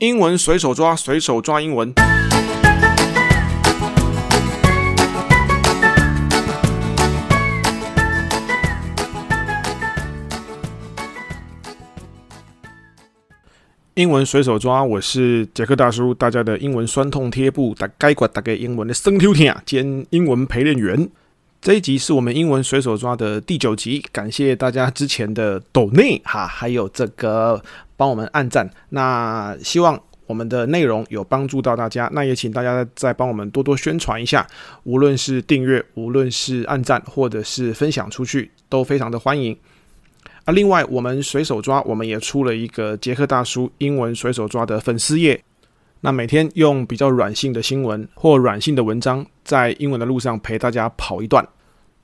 英文隨手抓，隨手抓英文。英文隨手抓，我是傑克大叔，大家的英文酸痛貼布，打概國打給英文的生聽啊，兼英文陪練員。這一集是我們英文隨手抓的第九集，感謝大家之前的抖內哈，還有這個幫我們按讚。那希望我們的內容有幫助到大家，那也請大家再幫我們多多宣傳一下，無論是訂閱，無論是按讚，或者是分享出去，都非常的歡迎。啊，另外我們隨手抓，我們也出了一個傑克大叔英文隨手抓的粉絲頁。那每天用比較軟性的新聞或軟性的文章，在英文的路上陪大家跑一段。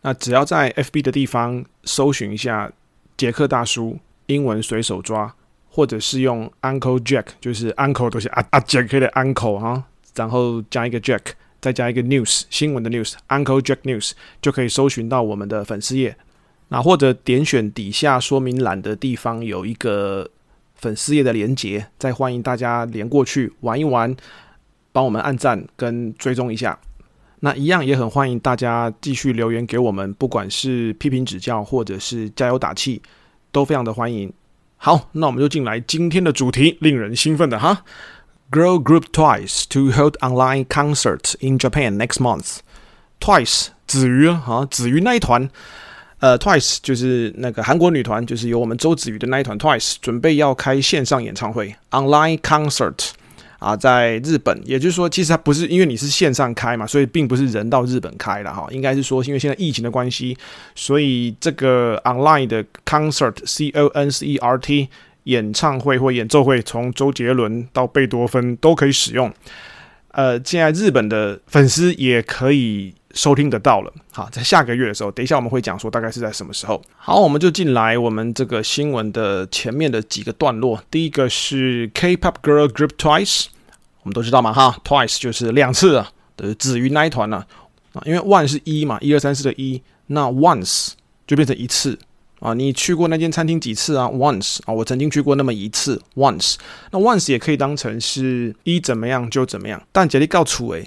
那只要在 FB 的地方搜尋一下“傑克大叔”英文隨手抓，或者是用 Uncle Jack，就是 Uncle 都是啊啊 Jack 的 Uncle 哈，然後加一個 Jack，再加一個 News 新聞的 News，Uncle Jack News 就可以搜尋到我們的粉絲頁。那或者點選底下說明欄的地方有一個。粉絲頁的連結，再歡迎大家連過去玩一玩，幫我們按讚跟追蹤一下。那一樣也很歡迎大家繼續留言給我們，不管是批評指教或者是加油打氣，都非常的歡迎。好，那我們就進來今天的主題，令人興奮的哈。Girl Group Twice to Hold Online Concert in Japan Next Month. Twice 子瑜啊，子瑜那一團。呃，TWICE 就是那個韓國女團，就是由我們周子瑜的那一團 TWICE 準備要開線上演唱會 （online concert） 啊、呃，在日本，也就是說，其實它，不是因為你是線上開嘛，所以並不是人到日本開的哈，應該是說因為現在疫情的關係，所以這個 online 的 concert（c o n c e r t） 演唱會或演奏會，從周杰倫到貝多芬都可以使用。呃，現在日本的粉絲也可以收聽得到了，好，在下個月的時候，等一下我們會講說大概是在什麼時候。好，我們就進來我們這個新聞的前面的幾個段落。第一個是 K-pop girl group Twice，我們都知道嘛，哈，Twice 就是兩次啊，呃，子瑜那一團啊，因為 one 是一嘛，一二三四的一，那 once 就變成一次啊，你去過那間餐廳幾次啊？once 啊，我曾經去過那麼一次，once。那 once 也可以當成是一怎麼樣就怎麼樣，但杰利告訴哎。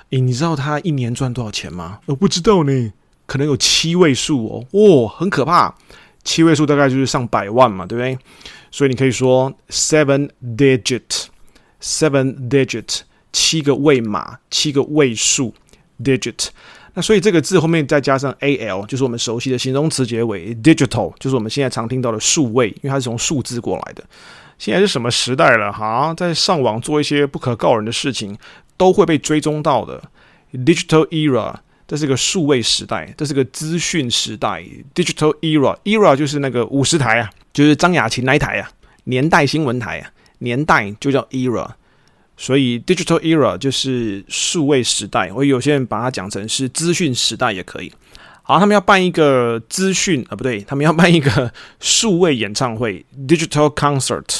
欸、你知道他一年賺多少錢嗎？我不知道呢，可能有七位數哦，哇、哦，很可怕，七位數大概就是上百萬嘛，對不對？所以你可以說 seven digit，seven digit，七個位碼，七個位數 digit。那所以這個字後面再加上 a l，就是我們熟悉的形容詞結尾 digital，就是我們現在常聽到的數位，因為它是從數字過來的。現在是什麼時代了哈，在上網做一些不可告人的事情。都會被追蹤到的。Digital era，這是個數位時代，這是個資訊時代。Digital era，era era 就是那個五十台啊，就是張雅琴那一台啊，年代新聞台啊，年代就叫 era。所以 digital era 就是數位時代，我有些人把它講成是資訊時代也可以。好，他們要辦一個資訊啊，不對，他們要辦一個數位演唱會，digital concert。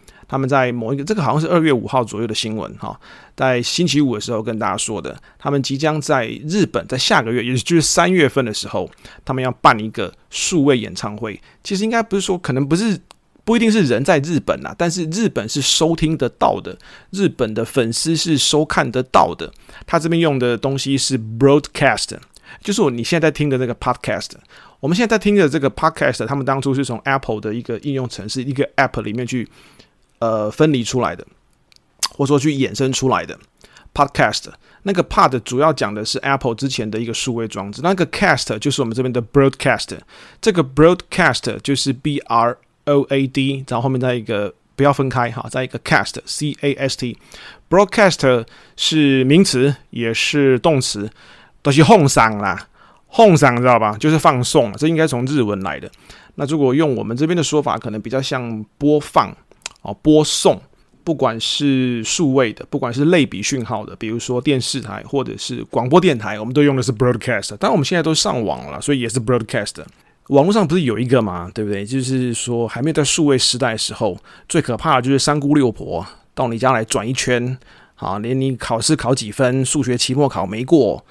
他們在某一個，這個好像是二月五號左右的新聞哈，在星期五的時候跟大家說的，他們即將在日本，在下個月，也就是三月份的時候，他們要辦一個數位演唱會。其實應該不是說，可能不是，不一定是人在日本啦。但是日本是收聽得到的，日本的粉絲是收看得到的。他這邊用的東西是 broadcast，就是我你現在在聽的這個 podcast。我們現在在聽的這個 podcast，他們當初是從 Apple 的一個應用程式一個 app 裡面去。呃，分離出來的，或者說去衍生出來的 Podcast，那個 Pod 主要講的是 Apple 之前的一個數位裝置，那個 Cast 就是我們這邊的 Broadcast，這個 Broadcast 就是 B-R-O-A-D，然後後面再一個不要分開哈，再一個 Cast C-A-S-T，Broadcast 是名詞也是動詞，都是哄嗓啦，哄嗓知道吧？就是放送，這應該從日文來的。那如果用我們這邊的說法，可能比較像播放。哦，播送，不管是數位的，不管是類比訊號的，比如說電視台或者是廣播電台，我們都用的是 broadcast。但我們現在都上網了，所以也是 broadcast。網絡上不是有一個嘛，對不對？就是說，還沒有在數位時代的時候，最可怕的就是三姑六婆到你家來轉一圈，好，連你考試考幾分，數學期末考沒過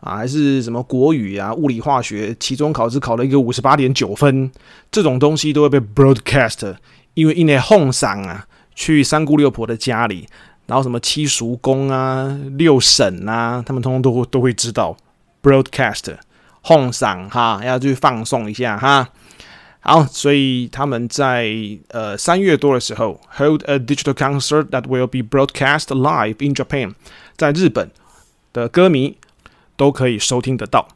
啊，還是什麼國語啊、物理化學期中考試考了一個五十八點九分，這種東西都會被 broadcast。因為因為放送啊，去三姑六婆的家裡，然後什麼七叔公啊、六嬸啊，他們通通都都會知道。Broadcast 放送哈，要去放鬆一下哈。好，所以他們在呃三月多的時候，hold a digital concert that will be broadcast live in Japan，在日本的歌迷都可以收聽得到。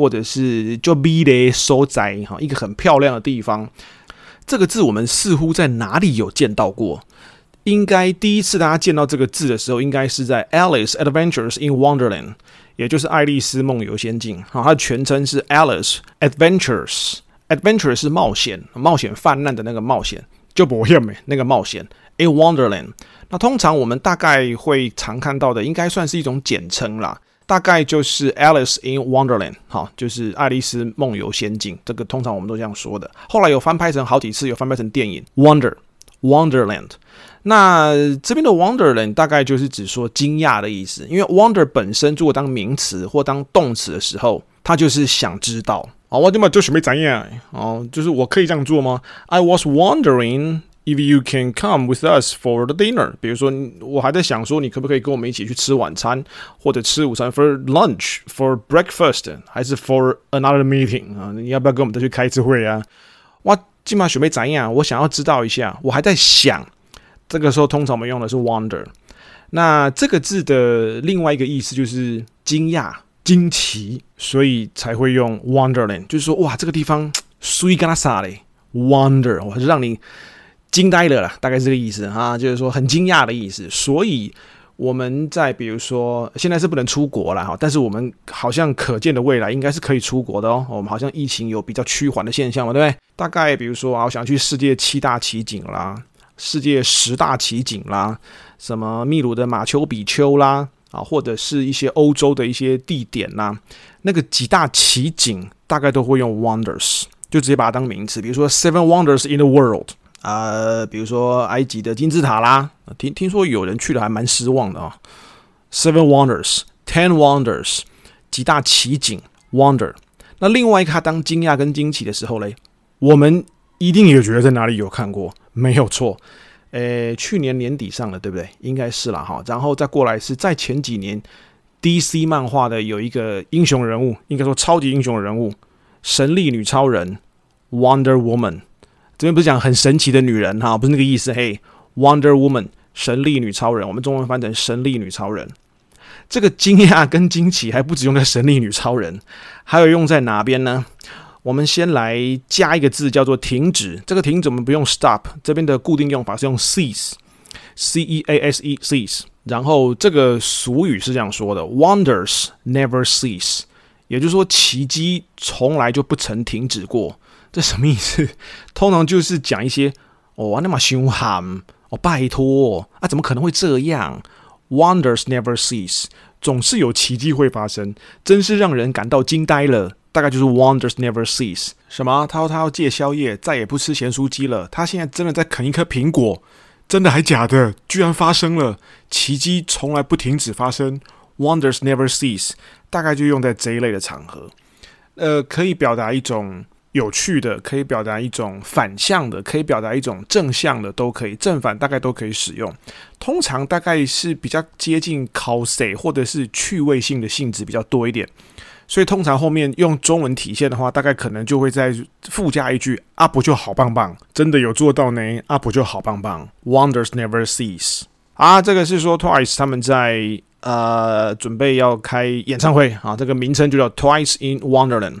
或者是就美麗手仔哈，一個很漂亮的地方。這個字我們似乎在哪裡有見到過？應該第一次大家見到這個字的時候，應該是在《Alice Adventures in Wonderland》，也就是《愛麗絲夢遊仙境》。好，它的全稱是《Alice Adventures》，Adventures 是冒險，冒險犯難的那個冒險，就冒險唄，那個冒險。In Wonderland。那通常我們大概會常看到的，應該算是一種簡稱啦。大概就是 Alice in Wonderland 哈，就是《愛麗絲夢遊仙境》這個，通常我們都這樣說的。後來有翻拍成好幾次，有翻拍成電影。Wonder Wonderland，那這邊的 Wonderland 大概就是指說驚訝的意思，因為 Wonder 本身如果當名詞或當動詞的時候，它就是想知道我今嘛就準備怎樣？哦，就是我可以這樣做嗎？I was wondering. If you can come with us for the dinner，比如說我還在想說你可不可以跟我們一起去吃晚餐，或者吃午餐，for lunch，for breakfast，還是 for another meeting 啊？你要不要跟我們再去開一次會啊？哇，金馬雪梅怎樣？我想要知道一下。我還在想，這個時候通常我們用的是 wonder。那這個字的另外一個意思就是驚訝、驚奇，所以才會用 wonderland，就是說哇，這個地方屬於幹啥嘞？Wonder，我還是讓你。驚呆了啦，大概是這個意思哈，啊，就是說很驚訝的意思。所以我們在比如說，現在是不能出國了哈，但是我們好像可見的未來應該是可以出國的哦。我們好像疫情有比較趨緩的現象嘛，對不對？大概比如說啊，我想去世界七大奇景啦，世界十大奇景啦，什麼秘魯的馬丘比丘啦，啊或者是一些歐洲的一些地點啦，那個幾大奇景大概都會用 wonders，就直接把它當名詞，比如說 seven wonders in the world。啊、呃，比如說埃及的金字塔啦，聽聽說有人去了還蠻失望的啊、哦。Seven Wonders, Ten Wonders，幾大奇景 wonder。那另外一個，他當驚訝跟驚奇的時候呢，我們一定也覺得在哪裡有看過，沒有錯。誒、欸，去年年底上的對不對？應該是啦、啊、哈。然後再過來是在前幾年 DC 漫畫的有一個英雄人物，應該說超級英雄人物——神力女超人 Wonder Woman。這邊不是講很神奇的女人哈，不是那個意思。嘿、hey，Wonder Woman，神力女超人，我們中文翻成神力女超人。這個驚訝跟驚奇還不止用在神力女超人，還有用在哪邊呢？我們先來加一個字叫做停止。這個停怎麼不用 stop？這邊的固定用法是用 cease，C-E-A-S-E，cease。然後這個俗語是這樣說的：wonders never cease，也就是說奇蹟從來就不曾停止過。這什麼意思？通常就是講一些哦，那麼兇悍哦，拜託啊，怎麼可能會這樣？Wonders never cease，總是有奇蹟會發生，真是讓人感到驚呆了。大概就是 Wonders never cease。什麼？他說他要戒宵夜，再也不吃鹹酥雞了。他現在真的在啃一顆蘋果，真的還假的？居然發生了，奇蹟從來不停止發生。Wonders never cease，大概就用在這一類的場合。呃，可以表達一種。有趣的可以表達一種反向的，可以表達一種正向的都可以，正反大概都可以使用。通常大概是比較接近 casual 或者是趣味性的性質比較多一點，所以通常後面用中文體現的話，大概可能就會再附加一句“啊不就好棒棒”，真的有做到呢，“啊不就好棒棒”。Wonders never cease 啊，這個是說 Twice 他們在呃準備要開演唱會啊，這個名稱就叫 Twice in Wonderland。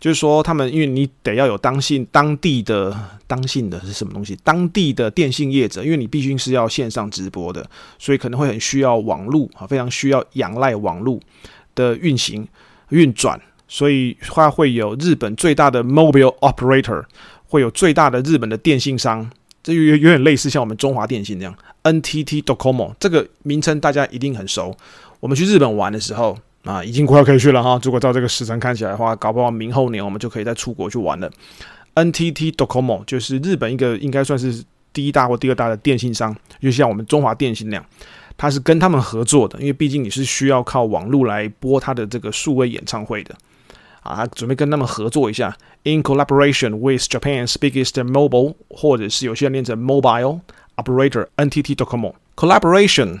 就是說，他們因為你得要有當信當地的當信的是什麼東西？當地的電信業者，因為你必須是要線上直播的，所以可能會很需要網路啊，非常需要仰賴網路的運行運轉，所以它會有日本最大的 mobile operator，會有最大的日本的電信商，這有有點類似像我們中華電信這樣，NTT DoCoMo 這個名稱大家一定很熟。我們去日本玩的時候。啊，已經快要可以去了哈！如果照這個時辰看起來的話，搞不好明後年我們就可以再出國去玩了。NTT DoCoMo 就是日本一個應該算是第一大或第二大的電信商，就像我們中華電信那樣，它是跟他們合作的，因為畢竟你是需要靠網絡來播它的這個數位演唱會的啊。準備跟他們合作一下，In collaboration with Japan's biggest mobile，或者是有些人念成 mobile operator NTT DoCoMo collaboration。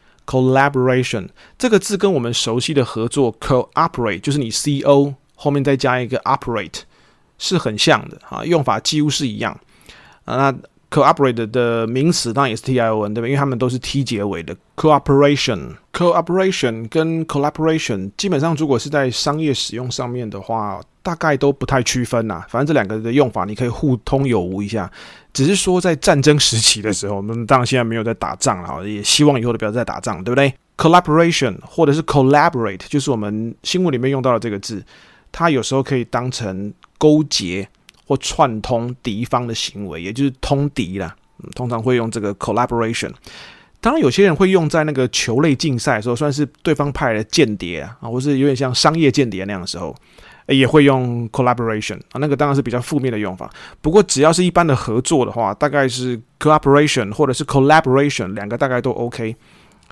Collaboration 這個字跟我們熟悉的合作 cooperate，就是你 co 後面再加一個 operate，是很像的啊，用法幾乎是一樣。啊，那 cooperate 的名詞當然也是 t i o n 對不對？因為他們都是 t 結尾的。cooperation，cooperation Co 跟 collaboration 基本上如果是在商業使用上面的話，大概都不太區分吶。反正這兩個的用法你可以互通有無一下，只是說在戰爭時期的時候，我們當然現在沒有在打仗啦，也希望以後都不要再打仗，對不對？collaboration 或者是 collaborate，就是我們新聞裡面用到的這個字，它有時候可以當成勾結。或串通敵方的行為，也就是通敵啦，嗯。通常會用這個 collaboration。當然，有些人會用在那個球類競賽的時候，算是對方派來的間諜啊，或是有點像商業間諜那樣的時候，也會用 collaboration。啊，那個當然是比較負面的用法。不過，只要是一般的合作的話，大概是 cooperation 或者是 collaboration 兩個大概都 OK。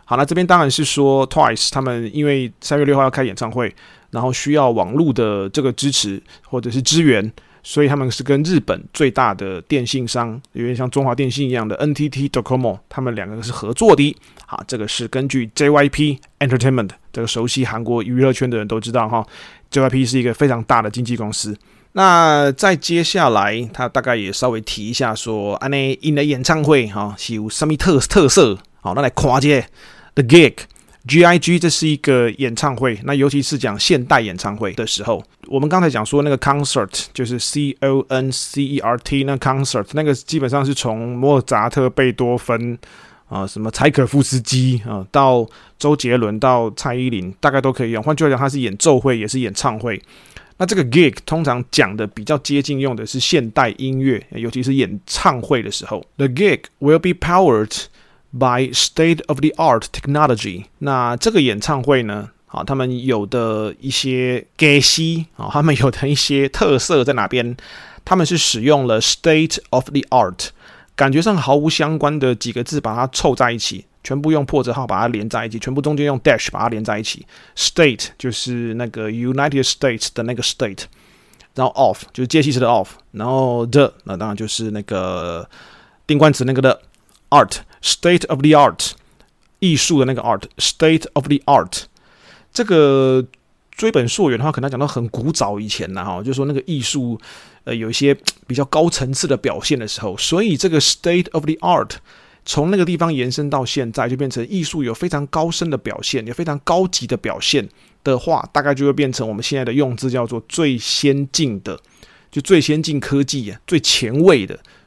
好，那這邊當然是說 Twice 他們因為三月六號要開演唱會，然後需要網絡的這個支持或者是支援。所以他們是跟日本最大的電信商，有點像中華電信一樣的 NTT Docomo，他們兩個是合作的。好，這個是根據 JYP Entertainment 這個熟悉韓國娛樂圈的人都知道哈，JYP 是一個非常大的經紀公司。那再接下來，他大概也稍微提一下說，安 in the 演唱會哈，是有什麼特特色？好，那來跨界。The Gig GIG，這是一個演唱會。那尤其是講現代演唱會的時候，我們剛才講說那個 concert 就是 C O N C E R T，那 concert 那個基本上是從莫扎特、貝多芬啊、呃，什麼柴可夫斯基啊、呃，到周杰倫到蔡依林，大概都可以用。換句話講，它是演奏會也是演唱會。那這個 gig 通常講的比較接近，用的是現代音樂，尤其是演唱會的時候，the gig will be powered。By state of the art technology，那這個演唱會呢？啊，他們有的一些解析啊，他們有的一些特色在哪邊？他們是使用了 state of the art，感覺上毫無相關的幾個字把它湊在一起，全部用破折號把它連在一起，全部中間用 dash 把它連在一起。State 就是那個 United States 的那個 state，然後 of 就是介系詞的 of，然後 the 那當然就是那個定冠詞那個的。Art, state of the art, 藝術的那個 art, state of the art, 這個追本溯源的話，可能講到很古早以前了哈，就是說那個藝術，呃，有一些比較高層次的表現的時候，所以這個 state of the art 從那個地方延伸到現在，就變成藝術有非常高深的表現，有非常高級的表現的話，大概就會變成我們現在的用字叫做最先進的，就最先進科技啊，最前衛的。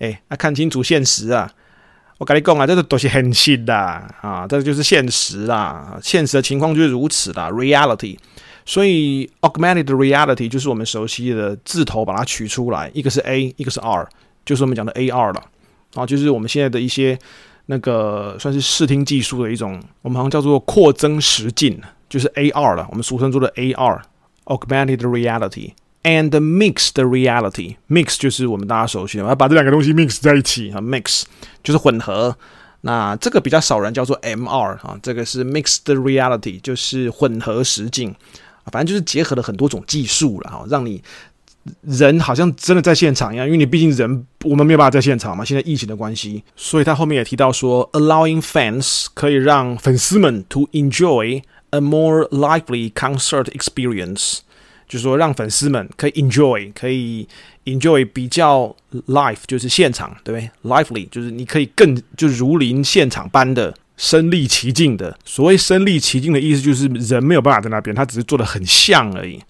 誒、哎，那、啊、看清楚現實啊！我跟你講啊，這個東西很新的啊，這個就是現實啦、啊，現實的情況就是如此啦、啊，reality。所以，augmented reality 就是我們熟悉的字頭，把它取出來，一個是 A，一個是 R，就是我們講的 AR 了啊，就是我們現在的一些那個算是視聽技術的一種，我們好像叫做擴增實境，就是 AR 了，我們俗稱做的 AR，augmented reality。And mix the mixed reality. Mix 就是我們大家熟悉的，我要把這兩個東西 mix 在一起哈 Mix 就是混合。那這個比較少人叫做 MR 哈、哦，這個是 mixed reality，就是混合實景、啊。反正就是結合了很多種技術了哈，讓你人好像真的在現場一樣，因為你畢竟人我們沒有辦法在現場嘛，現在疫情的關係。所以他後面也提到說，allowing fans 可以讓粉絲們 to enjoy a more lively concert experience。就是說，讓粉絲們可以 enjoy，可以 enjoy 比較 live，就是現場，對不對？Lively，就是你可以更就如臨現場般的身臨其境的。所謂身臨其境的意思，就是人沒有辦法在那邊，他只是做得很像而已。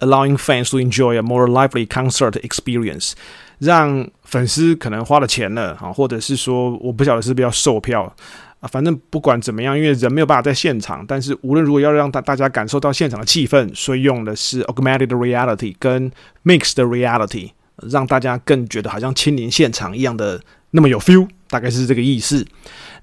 Allowing fans to enjoy a more lively concert experience，讓粉絲可能花了錢了啊，或者是說，我不曉得是不是要售票。啊，反正不管怎麼樣，因為人沒有辦法在現場，但是無論如何要讓大大家感受到現場的氣氛，所以用的是 augmented reality 跟 mixed reality，讓大家更覺得好像親臨現場一樣的那麼有 feel，大概是這個意思。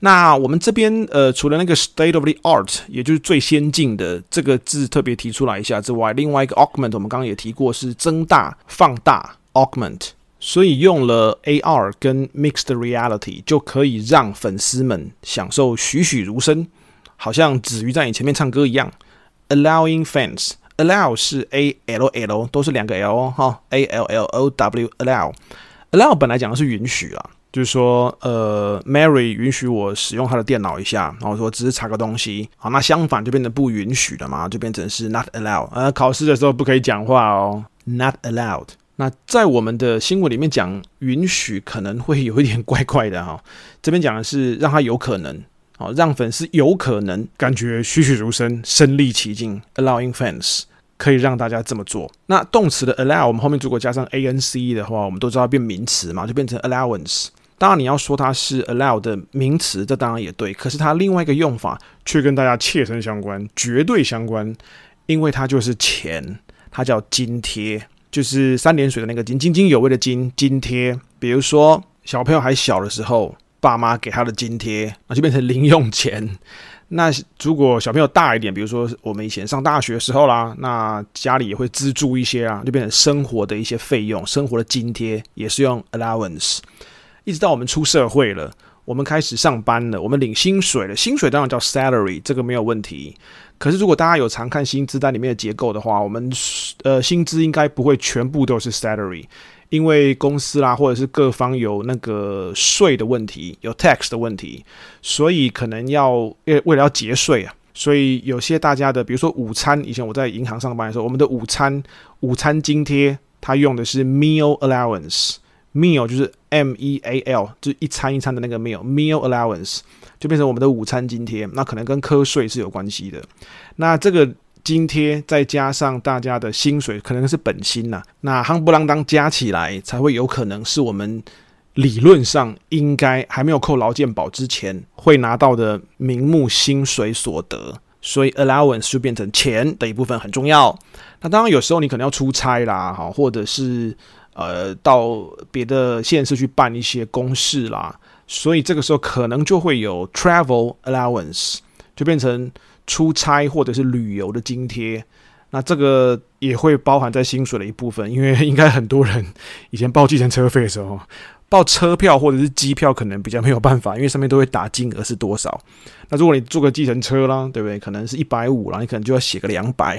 那我們這邊呃，除了那個 state of the art，也就是最先進的這個字特別提出來一下之外，另外一個 augment 我們剛剛也提過是增大、放大，augment。所以用了 AR 跟 Mixed Reality 就可以讓粉絲們享受栩栩如生，好像子瑜在你前面唱歌一樣。Allowing fans，allow 是 A L L 都是兩個 L 哈，哦，A L L O W allow，allow Allow 本來講的是允許啊，就是說呃 Mary 允許我使用她的電腦一下，然後我說只是查個東西。好，那相反就變得不允許了嘛，就變成是 not allowed，啊。呃，考試的時候不可以講話哦，not allowed。那在我們的新聞裡面講，允許可能會有一點怪怪的哈。這邊講的是讓他有可能，哦，讓粉絲有可能感覺栩栩如生、身歷其境。Allowing fans 可以讓大家這麼做。那動詞的 allow 我們後面如果加上 ance 的話，我們都知道變名詞嘛，就變成 allowance。當然你要說它是 allow 的名詞，這當然也對。可是它另外一個用法卻跟大家切身相關，絕對相關，因為它就是錢，它叫津貼。就是三點水的那個津，津津有味的津津貼。比如說小朋友還小的時候，爸媽給他的津貼，那就變成零用錢。那如果小朋友大一點，比如說我們以前上大學的時候啦，那家裡也會資助一些啊，就變成生活的一些費用。生活的津貼也是用 allowance。一直到我們出社會了，我們開始上班了，我們領薪水了，薪水當然叫 salary，這個沒有問題。可是，如果大家有常看薪資單裡面的結構的話，我們呃，薪資應該不會全部都是 salary，因為公司啦或者是各方有那個稅的問題，有 tax 的問題，所以可能要為為了要節稅啊，所以有些大家的，比如說午餐，以前我在銀行上班的時候，我們的午餐午餐津貼，它用的是 meal allowance，meal 就是 M E A L，就是一餐一餐的那個 meal，meal meal allowance。就變成我們的午餐津貼，那可能跟課稅是有關係的。那這個津貼再加上大家的薪水，可能是本薪吶、啊。那夯不啷當加起來，才會有可能是我們理論上應該還沒有扣勞健保之前會拿到的名目薪水所得。所以 allowance 就變成錢的一部分，很重要。那當然有時候你可能要出差啦，哈，或者是呃到別的縣市去辦一些公事啦。所以這個時候可能就會有 travel allowance，就變成出差或者是旅遊的津貼。那這個也會包含在薪水的一部分，因為應該很多人以前報計程車費的時候，報車票或者是機票可能比較沒有辦法，因為上面都會打金額是多少。那如果你坐個計程車啦，對不對？可能是一百五啦，你可能就要寫個兩百。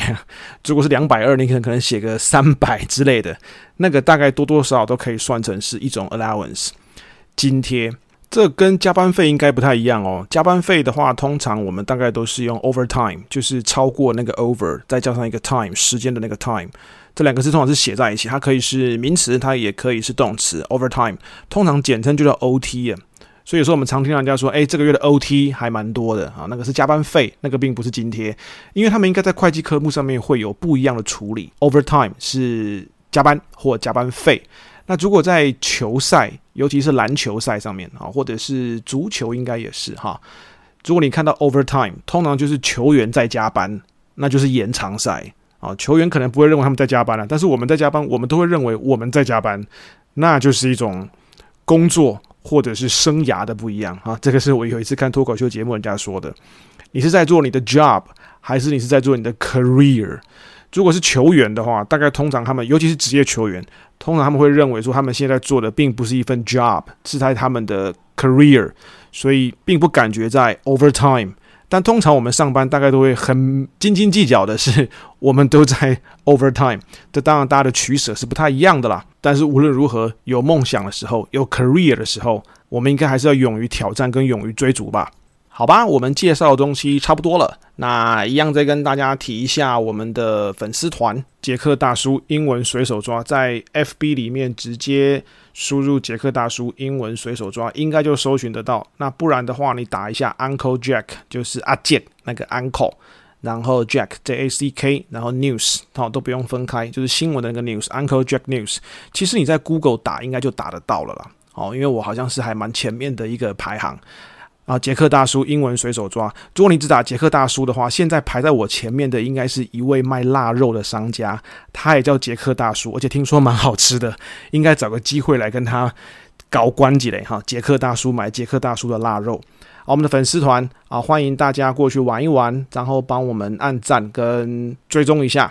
如果是兩百二，你可能可能寫個三百之類的，那個大概多多少少都可以算成是一種 allowance，津貼。這跟加班費應該不太一樣哦。加班費的話，通常我們大概都是用 overtime，就是超過那個 over 再加上一個 time 時間的那個 time，這兩個字通常是寫在一起。它可以是名詞，它也可以是動詞。overtime 通常簡稱就叫 O T，所以說我們常聽人家說，誒，這個月的 O T 還蠻多的啊。那個是加班費，那個並不是津貼，因為他們應該在會計科目上面會有不一樣的處理。overtime 是加班或加班費。那如果在球賽，尤其是籃球賽上面啊，或者是足球應該也是哈。如果你看到 overtime，通常就是球員在加班，那就是延長賽啊。球員可能不會認為他們在加班了，但是我們在加班，我們都會認為我們在加班，那就是一種工作或者是生涯的不一樣啊。這個是我有一次看脫口秀節目，人家說的：你是在做你的 job，還是你是在做你的 career？如果是球員的話，大概通常他們，尤其是職業球員，通常他們會認為說，他們現在做的並不是一份 job，是在他們的 career，所以並不感覺在 overtime。但通常我們上班大概都會很斤斤計較的是，我們都在 overtime。這當然大家的取捨是不太一樣的啦。但是無論如何，有夢想的時候，有 career 的時候，我們應該還是要勇於挑戰跟勇於追逐吧。好吧，我們介紹的東西差不多了。那一樣再跟大家提一下我們的粉絲團，傑克大叔英文隨手抓，在 FB 裡面直接輸入傑克大叔英文隨手抓，應該就搜尋得到。那不然的話，你打一下 Uncle Jack，就是阿健那個 Uncle，然後 Jack J-A-C-K，然後 News 哦都不用分開，就是新聞的那個 News Uncle Jack News。其實你在 Google 打應該就打得到了啦。哦，因為我好像是還蠻前面的一個排行。啊，傑克大叔，英文隨手抓。如果你只打傑克大叔的話，現在排在我前面的應該是一位賣臘肉的商家，他也叫傑克大叔，而且聽說蠻好吃的，應該找個機會來跟他搞關係嘞哈。傑克大叔買傑克大叔的臘肉。我們的粉絲團啊，歡迎大家過去玩一玩，然後幫我們按讚跟追蹤一下。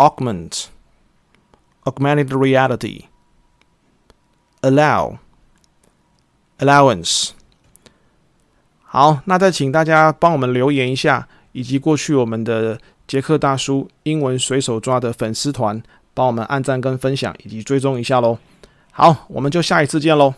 Augment, augmented reality, allow, allowance。好，那再請大家幫我們留言一下，以及過去我們的傑克大叔英文隨手抓的粉絲團，幫我們按讚跟分享以及追蹤一下嘍。好，我們就下一次見嘍。